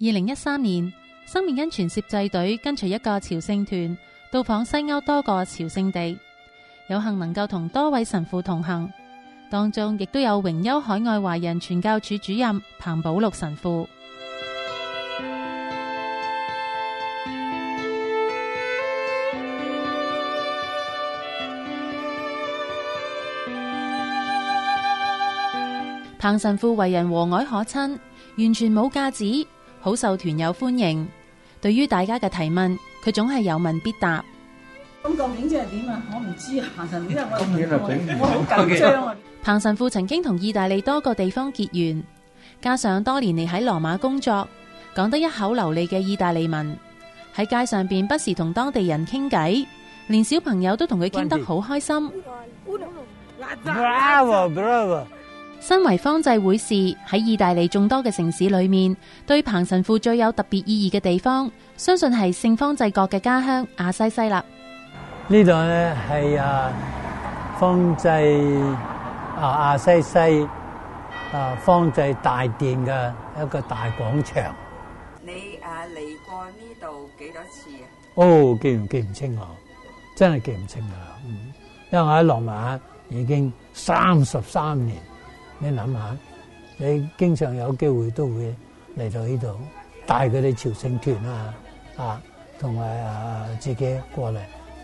二零一三年，生命恩泉攝製隊跟隨一個朝聖團到訪西歐多個朝聖地，有幸能夠同多位神父同行，當中亦都有榮休海外華人傳教處主任彭寶祿神父。 彭神父為人和藹可親，完全冇架子。好受團友歡迎，對於大家嘅提問，佢總係有問必答。咁究竟即係點啊？我唔知我 我、okay. 彭神父曾經同意大利多個地方結緣，加上多年嚟喺羅馬工作，講得一口流利嘅意大利文，喺街上邊不時同當地人傾偈，連小朋友都同佢傾得好開心。 bravo, bravo. 身為方濟會士，喺意大利眾多嘅城市裏面，對彭神父最有特別意義嘅地方，相信係聖方濟各嘅家鄉阿西西啦。這裏呢度咧係啊方濟啊阿西西啊方濟大殿嘅一個大廣場。你啊嚟過呢度幾多次啊？哦，記唔記唔清啊？真係記唔清噶、啊、啦、嗯，因為我喺羅馬已經三十三年。你諗下，你經常有機會都會嚟到呢度帶佢哋朝聖團啊，啊，同埋啊自己過嚟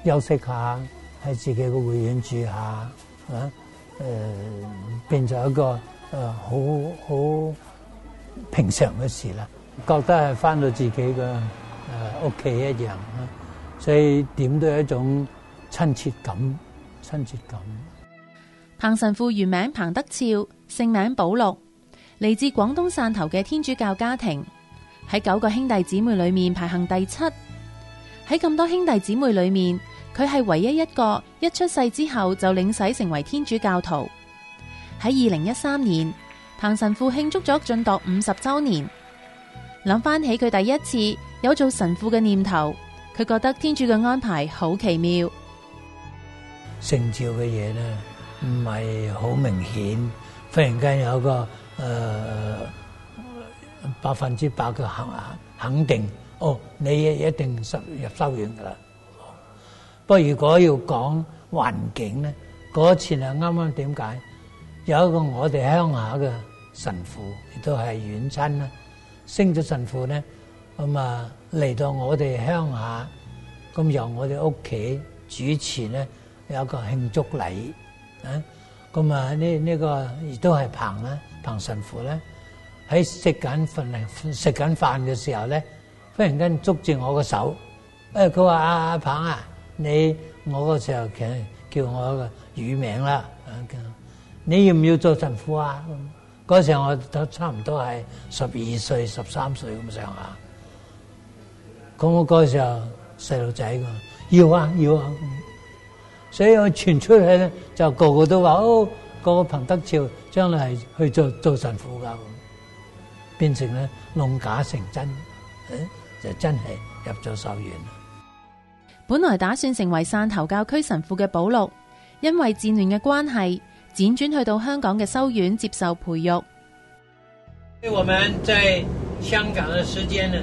休息下，喺自己嘅會院住下，啊，誒、呃、變作一個誒好好平常嘅事啦，覺得係翻到自己嘅誒屋企一樣啊，所以點都係一種親切感，親切感。彭神父原名彭德超，姓名保祿，嚟自廣東汕頭嘅天主教家庭。喺九個兄弟姊妹裏面排行第七。喺咁多兄弟姊妹裏面，佢係唯一一個一出世之後就領洗成為天主教徒。喺二零一三年，彭神父慶祝咗晉鐸五十周年。諗翻起佢第一次有做神父嘅念頭，佢覺得天主嘅安排好奇妙。聖召嘅嘢呢，唔係好明顯，忽然間有個誒百分之百嘅肯肯定，哦，你一定入入修院噶啦。不過如果要講環境咧，嗰次係啱啱點解有一個我哋鄉下嘅神父，亦都係遠親啦，升咗神父咧，咁啊嚟到我哋鄉下，咁由我哋屋企主持咧，有個慶祝禮。咁啊，呢呢個亦都係彭啦，彭神父咧，喺食緊飯食緊飯嘅時候咧，忽然間捉住我個手，誒、啊，佢話阿阿彭啊，你我嗰時候其實叫我個乳名啦、啊，你要唔要做神父啊？嗰時候我都差唔多係十二歲十三歲咁上下，咁我嗰時候細路仔噶，要啊要啊。所以我傳出去咧，就個個都話：哦，個個彭德超將來係去做做神父噶，咁，變成咧弄假成真，就真係入咗修院。本來打算成為汕頭教區神父嘅保祿，因為戰亂嘅關係，輾轉去到香港嘅修院接受培育。對我們在香港嘅時間呢，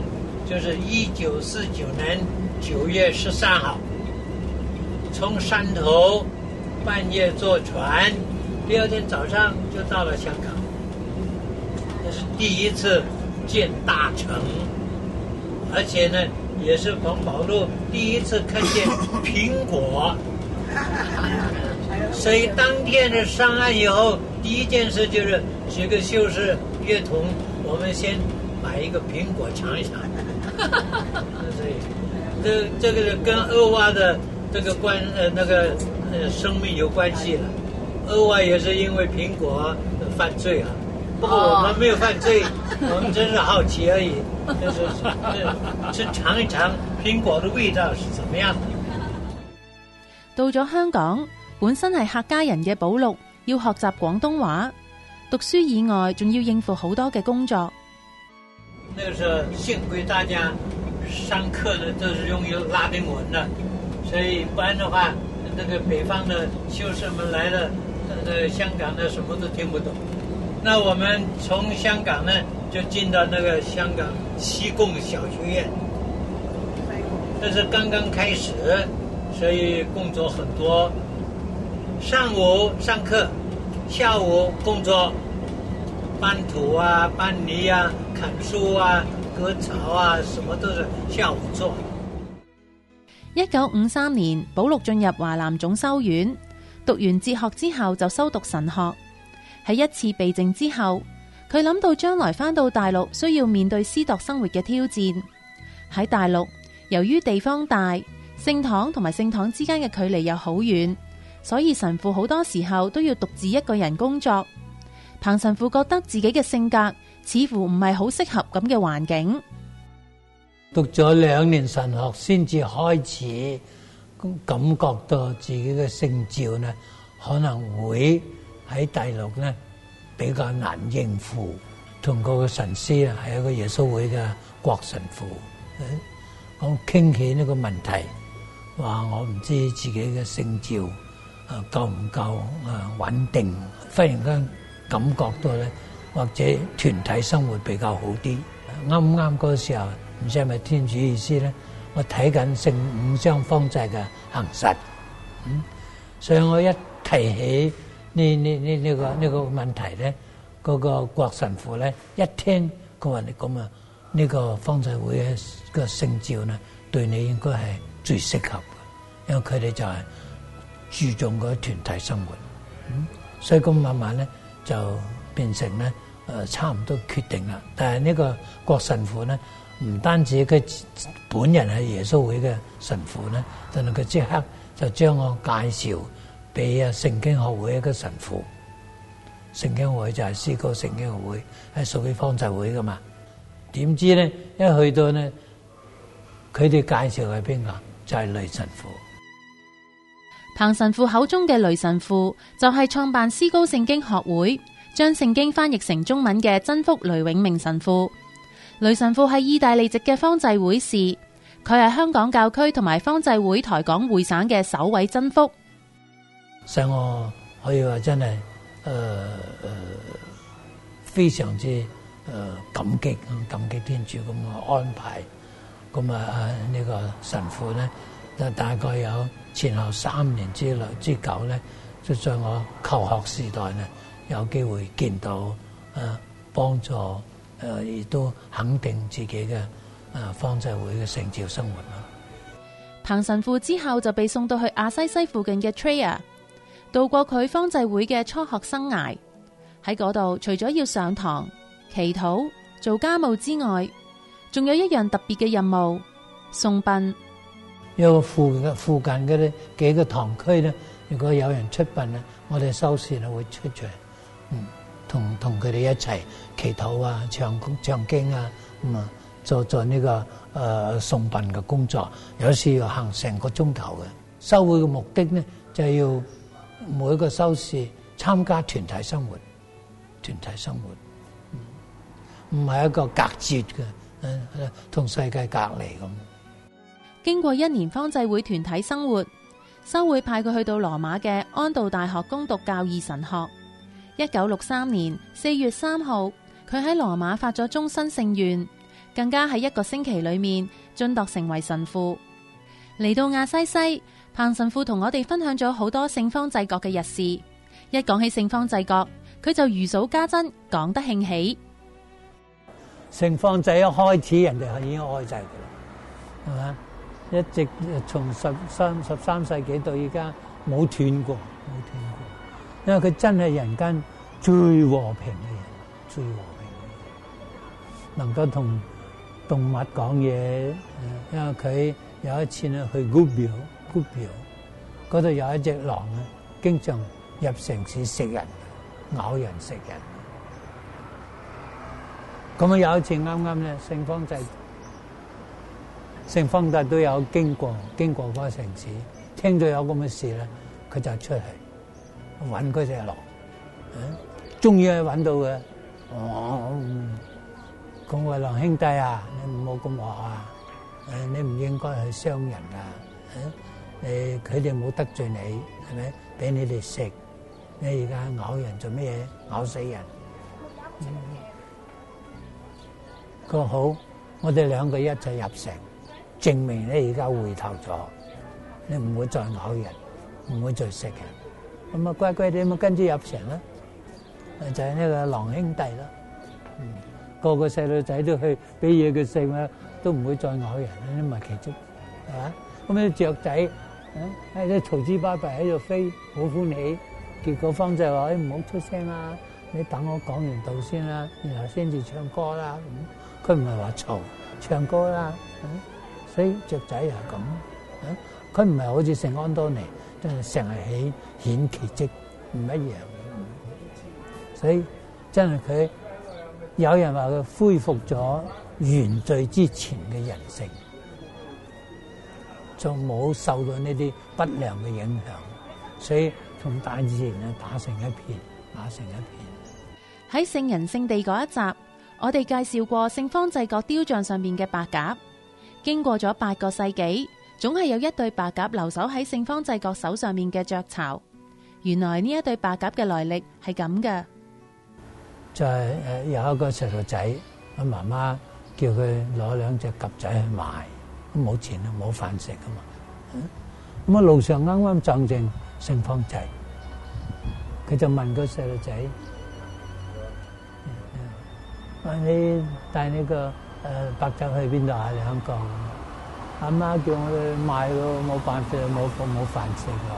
就是一九四九年九月十三號。從汕頭半夜坐船，第二天早上就到了香港。這是第一次見大城，而且呢，也是彭寶路第一次看見蘋果。 所以當天的上岸以後，第一件事就是寫個秀是樂童，我們先買一個蘋果嘗一嘗。 這這個是跟二娃的。這個關呃那個呃生命有關係了，另外也是因為蘋果犯罪了，不過我們沒有犯罪，oh. 我們真是好奇而已，就是、就是、就是嘗一嘗蘋果的味道是怎麼樣的。到咗香港，本身係客家人嘅保錄，要學習廣東話，讀書以外，仲要應付好多嘅工作。那個時候，幸虧大家上課的都是用於拉丁文的。所以，不然的話，那個北方的修士們來了，呃、那個，香港的什麼都聽不懂。那我們從香港呢，就進到那個香港西貢小學院，這是剛剛開始，所以工作很多。上午上課，下午工作，搬土啊，搬泥啊，砍樹啊，割草啊，什麼都是下午做。一九五三年，保祿進入華南總修院讀完哲學之後，就修讀神學。喺一次避靜之後，佢諗到將來返到大陸需要面對司鐸生活嘅挑戰。喺大陸，由於地方大，聖堂同埋聖堂之間嘅距離又好遠，所以神父好多時候都要獨自一個人工作。彭神父覺得自己嘅性格似乎唔係好適合咁嘅環境。讀咗兩年神學，先至開始咁感覺到自己嘅聖召呢，可能會喺大陸呢比較難應付。同個神師啊，係一個耶穌會嘅國神父，我傾起呢個問題，話我唔知自己嘅聖召啊夠唔夠啊穩定，忽然間感覺到咧，或者團體生活比較好啲。啱啱嗰時候。唔知係咪天主意思咧？我睇緊聖五章方濟嘅行實，嗯，所以我一提起呢呢呢呢個呢、呢個問題咧，嗰、嗰個國神父咧一聽，佢話你咁啊，呢、呢個方濟會嘅聖召咧，對你應該係最適合嘅，因為佢哋就係注重嗰個團體生活，嗯，所以咁慢慢咧就變成咧，誒、呃、差唔多決定啦。但係呢個國神父咧。唔單止佢本人係耶穌會嘅神父呢，甚至佢即刻就將我介紹俾啊聖經學會嘅神父。聖經學會就係思高聖經學會，係屬於方濟會噶嘛？點知呢？一去到呢，佢哋介紹係邊個？就係、是、雷神父。彭神父口中嘅雷神父，就係、是、創辦思高聖經學會、將聖經翻譯成中文嘅真福雷永明神父。雷神父係意大利籍嘅方濟會士，佢係香港教區同埋方濟會台港會省嘅首位真福。使我可以話真係，誒、呃、誒、呃，非常之誒、呃、感激，感激天主咁嘅安排。咁啊，呢、這個神父咧，大概有前後三年之六之久咧，就在我求學時代咧，有機會見到誒、啊，幫助。誒，亦都肯定自己嘅方濟會嘅聖召生活啦。彭神父之後就被送到去亞西西附近嘅 Trayer，度過佢方濟會嘅初學生涯。喺嗰度，除咗要上堂、祈禱、做家務之外，仲有一樣特別嘅任務：送殯。因附附近嘅呢幾個堂區咧，如果有人出殯咧，我哋修士會出場，嗯。同同佢哋一齊祈禱啊，唱唱經啊，咁啊做做呢、這個誒、呃、送殯嘅工作，有時要行成個鐘頭嘅。修會嘅目的呢，就係要每個修士參加團體生活，團體生活，唔、嗯、係一個隔絕嘅，誒、嗯，同世界隔離咁。經過一年方濟會團體生活，修會派佢去到羅馬嘅安道大學攻讀教義神學。一九六三年四月三號，佢喺羅馬發咗終身聖願，更加喺一個星期裏面晉鐸成為神父。嚟到亞西西，彭神父同我哋分享咗好多聖方濟各嘅日事。一講起聖方濟各，佢就如數家珍，講得興起。聖方濟一開始人哋已經愛制嘅啦，係嘛？一直從十三十三世紀到而家冇斷過，冇斷過。因為佢真係人間最和平嘅人，最和平嘅人，能夠同動物講嘢。因為佢有一次咧去古廟，古廟嗰度有一隻狼啊，經常入城市食人，咬人食人。咁啊，有一次啱啱咧，聖方濟、聖方濟都有經過，經過嗰個城市，聽到有咁嘅事咧，佢就出去。揾嗰隻狼，終於係揾到嘅。我，講話狼兄弟啊，你唔好咁惡啊！你唔應該去傷人噶。誒，佢哋冇得罪你，係咪？俾你哋食。你而家咬人做咩嘢？咬死人。佢話好，我哋兩個一齊入城，證明你而家回頭咗。你唔會再咬人，唔會再食人。咁啊，乖乖哋，咁跟住入城啦，就係、是、呢個狼兄弟咯、嗯。個個細路仔都去，俾嘢佢食啦，都唔會再咬人啦，咁咪其中，係嘛？咁啲雀仔，啊、嗯，啲嘈之巴閉喺度飛，好歡喜、嗯。結果方就話，你唔好出聲啦、啊，你等我講完道先啦、啊，然後先至唱歌啦、啊。咁佢唔係話嘈，唱歌啦、啊嗯。所以雀仔又係咁。佢唔係好似聖安多尼，真係成日起顯奇蹟，唔一樣。所以真係佢有人話佢恢復咗原罪之前嘅人性，就冇受到呢啲不良嘅影響，所以從大自然咧打成一片，打成一片。喺聖人聖地嗰一集，我哋介紹過聖方濟各雕像上面嘅白鴿，經過咗八個世紀。總係有一對白鴿留守喺聖方濟各手上面嘅雀巢。原來呢一對白鴿嘅來歷係咁嘅，就係誒有一個細路仔，阿媽媽叫佢攞兩隻鴿仔去賣，咁冇錢啊，冇飯食噶嘛。咁啊路上啱啱撞正聖方濟，佢就問個細路仔：喂，你帶呢個誒白鴿去邊度啊？你肯講？阿媽叫我哋買咯，冇辦法，冇餸冇飯食啊！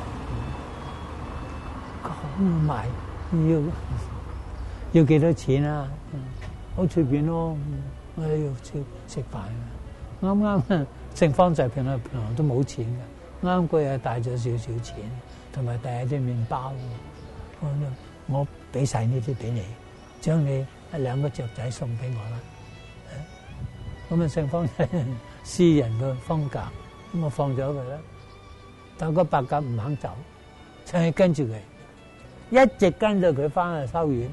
講買、嗯、要要幾多錢啊？嗯、好隨便咯，我要食食飯。啱啱聖方就係平時，都冇錢嘅。啱嗰日帶咗少少錢，同埋帶啲麵包，我我俾曬呢啲俾你，將你一兩個雀仔送俾我啦。咁、嗯、啊，聖方私人嘅風格，咁我放咗佢啦。但個白鴿唔肯走，長期跟住佢，一直跟住佢翻去收院。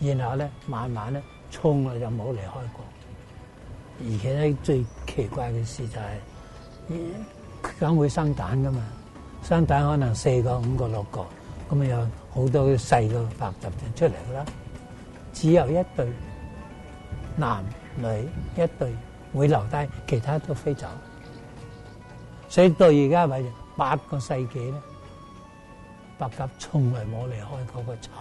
然後咧，慢慢咧，衝啊就冇離開過。而且咧，最奇怪嘅事就係，佢肯定會生蛋噶嘛，生蛋可能四個、五個、六個，咁啊有好多細嘅白鴿仔就出嚟啦。只有一對，男女一對。會留低，其他都飛走。所以到而家為止八個世紀咧，白鴿從來冇離開過個巢，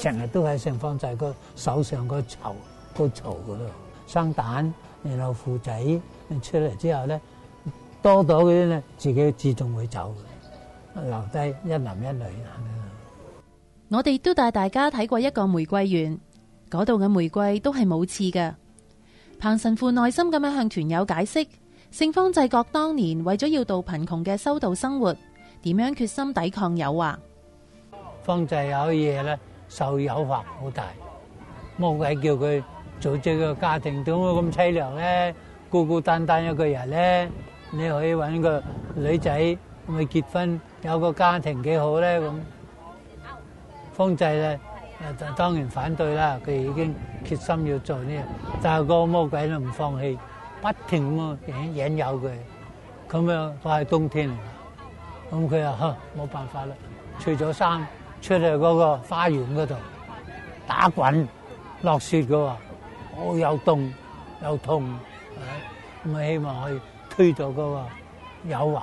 成日都喺聖方濟各個手上個巢個巢嗰度生蛋，然後孵仔。出嚟之後咧，多到嗰啲咧，自己自動會走，留低一男一女。我哋都帶大家睇過一個玫瑰園，嗰度嘅玫瑰都係冇刺嘅。彭神父耐心咁樣向團友解釋聖方濟各當年為咗要度貧窮嘅修道生活，點樣決心抵抗誘惑。方濟有嘢咧，受誘惑好大，魔鬼叫佢組織個家庭，點會咁淒涼咧，孤孤單單一個人咧，你可以搵個女仔去結婚，有個家庭幾好咧咁。方濟咧。當然反對啦！佢已經決心要做呢，但係個魔鬼都唔放棄，不停咁引引誘佢。咁樣到係冬天，咁佢啊嚇冇辦法啦，除咗衫出去嗰個花園嗰度打滾，落雪嘅喎，好有凍有痛，咁啊希望去推咗嗰個誘惑。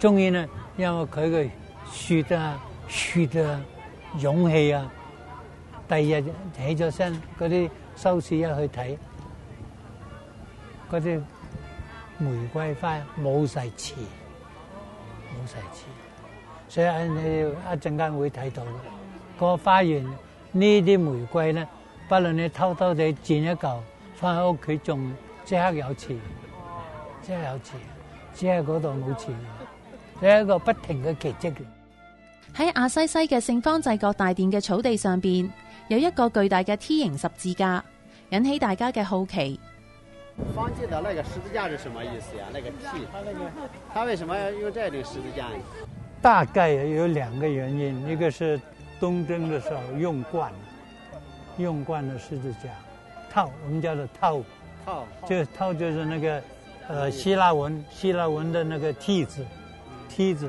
終於呢，因為佢嘅雪啊～血啊，勇氣啊！第二日起咗身，嗰啲收市一去睇，嗰啲玫瑰花冇晒刺，冇晒刺，所以你要一陣間會睇到嘅。個花園呢啲玫瑰咧，不論你偷偷地剪一嚿翻喺屋企種，即刻有刺，即刻有刺，只係嗰度冇刺。係一個不停嘅奇蹟嚟。喺阿西西嘅聖方濟各大殿嘅草地上邊，有一個巨大嘅 T 型十字架，引起大家嘅好奇。方濟的那個十字架是什麼意思呀？那個 T，他、那個、他為什麼要用這種十字架？大概有兩個原因，一個是東征的時候用慣用慣了十字架，套，我們叫做套，套，就套就是那個，呃，希臘文希臘文的那個 T 字，T 字。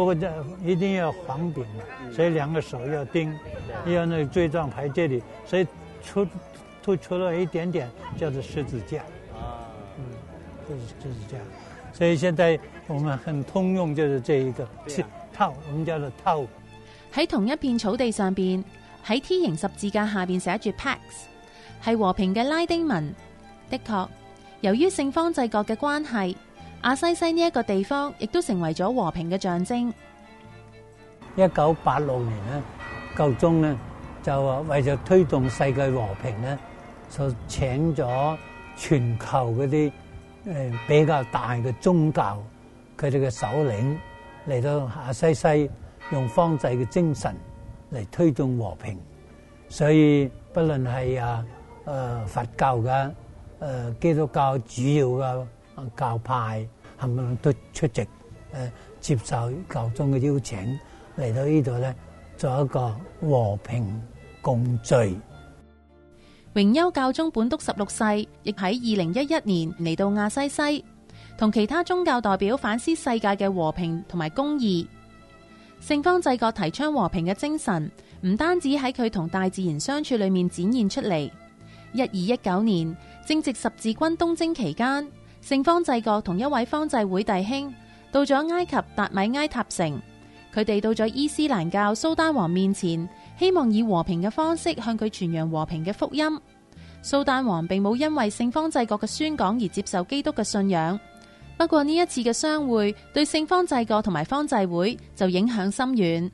不過，一定要黃柄，所以兩個手要釘，要那罪狀牌這裏，所以出突出了一點點，叫做十字架。啊，嗯，就是就是這樣，所以現在我們很通用，就是這一個、啊、套，我們叫做套。喺同一片草地上邊，喺 T 型十字架下邊寫住 Pax 係和平嘅拉丁文。的確，由於聖方濟各嘅關係。阿西西呢一個地方，亦都成為咗和平嘅象徵。一九八六年咧，教宗咧就話為咗推動世界和平咧，就請咗全球嗰啲誒比較大嘅宗教，佢哋嘅首領嚟到阿西西，用方濟嘅精神嚟推動和平。所以不論係啊誒佛教嘅誒基督教主要嘅。教派係咪都出席？誒，接受教宗嘅邀請嚟到呢度呢，做一個和平共聚。榮休教宗本篤十六世亦喺二零一一年嚟到亞西西，同其他宗教代表反思世界嘅和平同埋公義。聖方濟各提倡和平嘅精神，唔單止喺佢同大自然相處裏面展現出嚟。一二一九年正值十字軍東征期間。聖方濟各同一位方濟會弟兄到咗埃及達米埃塔城，佢哋到咗伊斯蘭教蘇丹王面前，希望以和平嘅方式向佢傳揚和平嘅福音。蘇丹王並冇因為聖方濟各嘅宣講而接受基督嘅信仰。不過呢一次嘅相會，對聖方濟各同埋方濟會就影響深遠。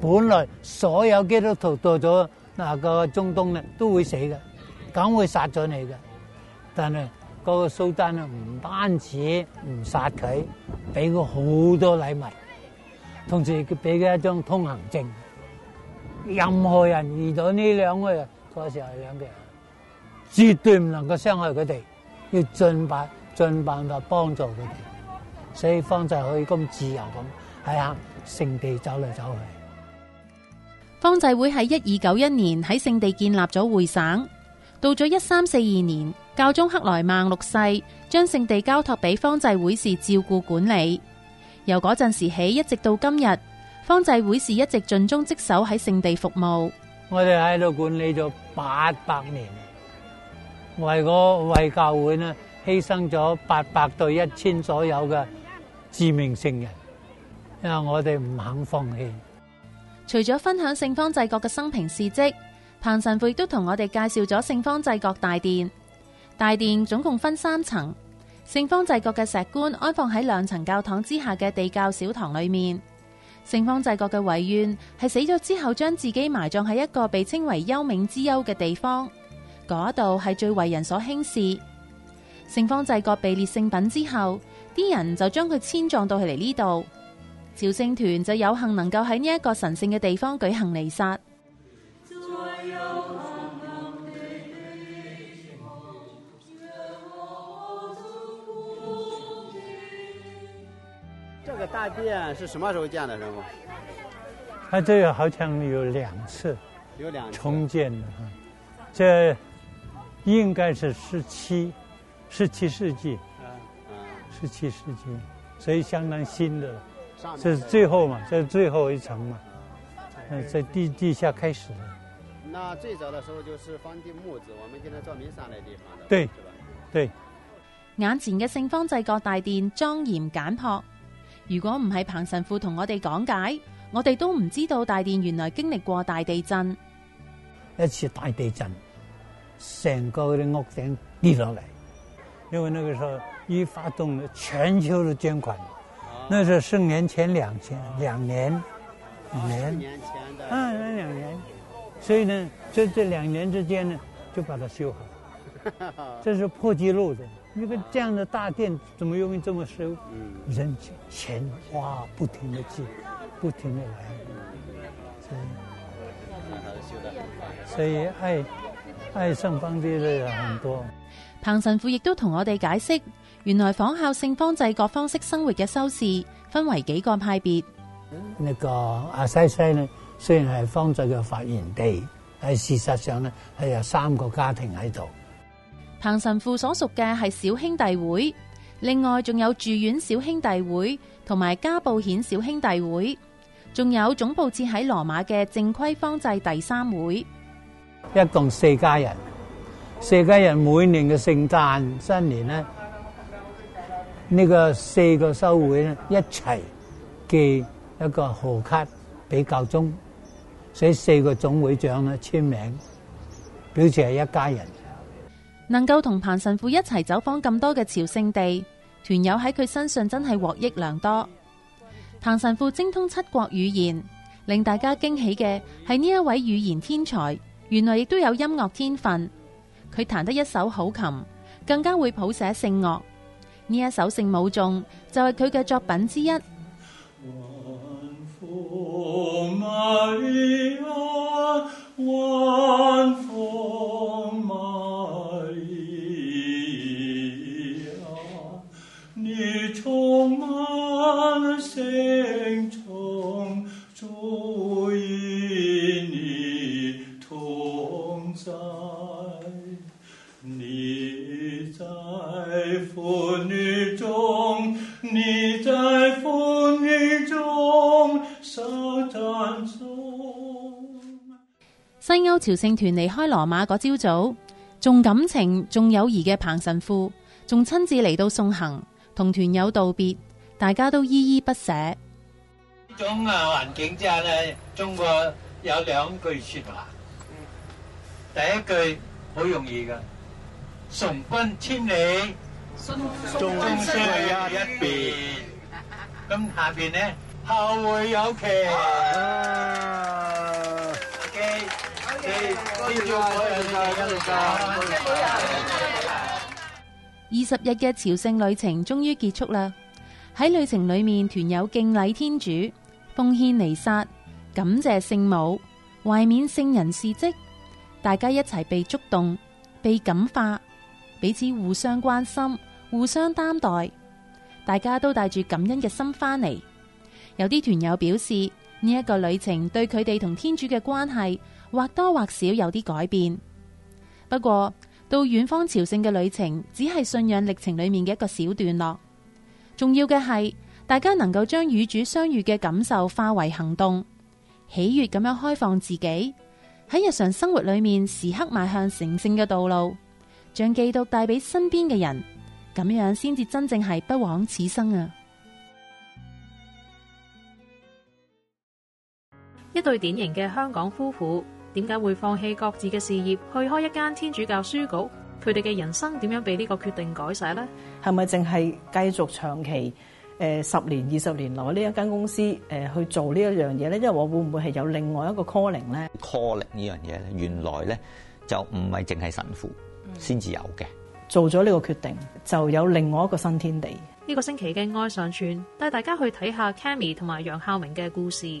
本來所有基督徒到咗嗰個中東呢都會死嘅，梗會殺咗你嘅，但係。嗰個蘇丹啊，唔單止唔殺佢，俾佢好多禮物，同時佢俾佢一張通行證。任何人遇到呢兩個人嗰時候，係兩個人絕對唔能夠傷害佢哋，要盡辦盡辦法幫助佢哋，所以方濟可以咁自由咁喺啊聖地走嚟走去。方濟會喺一二九一年喺聖地建立咗會省，到咗一三四二年。教宗克萊孟六世將聖地交託俾方濟會士照顧管理，由嗰陣時起一直到今日，方濟會士一直盡忠職守喺聖地服務。我哋喺度管理咗八百年，為嗰為教會呢犧牲咗八百到一千左右嘅致命聖人，因為我哋唔肯放棄。除咗分享聖方濟各嘅生平事跡，彭神父都同我哋介紹咗聖方濟各大殿。大殿總共分三層，聖方濟各嘅石棺安放喺兩層教堂之下嘅地窖小堂裏面。聖方濟各嘅遺願係死咗之後將自己埋葬喺一個被稱為幽冥之幽嘅地方，嗰度係最為人所輕視。聖方濟各被列聖品之後，啲人就將佢遷葬到嚟呢度。朝聖團就有幸能夠喺呢一個神聖嘅地方舉行彌撒。這個大殿是什麼時候建的？是嗎它、啊、這個好像有兩次，有兩重建的哈。這應該是十七、十七世紀，啊啊、十七世紀，所以相當新的了、啊。這是最後嘛？這是最後一層嘛？嗯，在、啊、地地下開始的。那最早的時候就是放地木子，我們今天照明上來的，地方的對。對，對。眼前嘅聖方濟各大殿莊嚴簡樸。如果唔係彭神父同我哋講解，我哋都唔知道大殿原來經歷過大地震。一次大地震，成個屋頂跌落嚟，因為那個時候一發動全球的捐款，啊、那時候十年前兩千兩年年、啊，兩年前的，啊，兩年，所以呢，就這兩年之間呢，就把它修好，這是破紀錄的。一個這樣的大殿，怎麼用？易這麼收？人錢哇，不停的進，不停的來，所以係係聖方啲咧都有很多。彭神父亦都同我哋解釋，原來仿效聖方濟各方式生活嘅修士，分為幾個派別。呢、那個阿西西呢，雖然係方濟嘅發源地，但事實上呢，係有三個家庭喺度。彭神父所屬嘅係小兄弟會，另外仲有住院小兄弟會同埋嘉布遣小兄弟會，仲有總部設喺羅馬嘅正規方濟第三會，一共四家人，四家人每年嘅聖誕新年咧，呢個四個修會咧一齊寄一個賀卡俾教宗，寫四個總會長咧簽名，表示係一家人。能夠同彭神父一齊走訪咁多嘅朝聖地，團友喺佢身上真係獲益良多。彭神父精通七國語言，令大家驚喜嘅係呢一位語言天才，原來亦都有音樂天分。佢彈得一手好琴，更加會譜寫聖樂。呢一首聖母頌就係佢嘅作品之一。朝聖團離開羅馬嗰朝早，重感情、重友誼嘅彭神父仲親自嚟到送行，同團友道別，大家都依依不捨。呢種啊環境之下咧，中國有兩句說話，第一句好容易㗎，送君千里，終須一別。咁下邊咧，後會有期。二十日嘅朝聖旅程終於結束啦。喺旅程裏面，團友敬禮天主，奉獻彌撒，感謝聖母，懷緬聖人事跡。大家一齊被觸動，被感化，彼此互相關心，互相擔待，大家都帶住感恩嘅心返嚟。有啲團友表示呢一個旅程對佢哋同天主嘅關係，或多或少有啲改變，不過到遠方朝聖嘅旅程，只係信仰歷程裏面嘅一個小段落。重要嘅係，大家能夠將與主相遇嘅感受化為行動，喜悅咁樣開放自己，喺日常生活裏面時刻邁向成聖嘅道路，將基督帶俾身邊嘅人，咁樣先至真正係不枉此生啊！一對典型嘅香港夫婦。點解會放棄各自嘅事業去開一間天主教書局？佢哋嘅人生點樣被呢個決定改寫呢？係咪淨係繼續長期誒十、呃、年二十年來呢一間公司誒、呃、去做呢一樣嘢呢？因為我會唔會係有另外一個 calling 呢？calling 呢樣嘢咧，原來咧就唔係淨係神父先至有嘅、嗯。做咗呢個決定，就有另外一個新天地。呢、這個星期嘅愛上傳帶大家去睇下 Kami 同埋楊孝明嘅故事。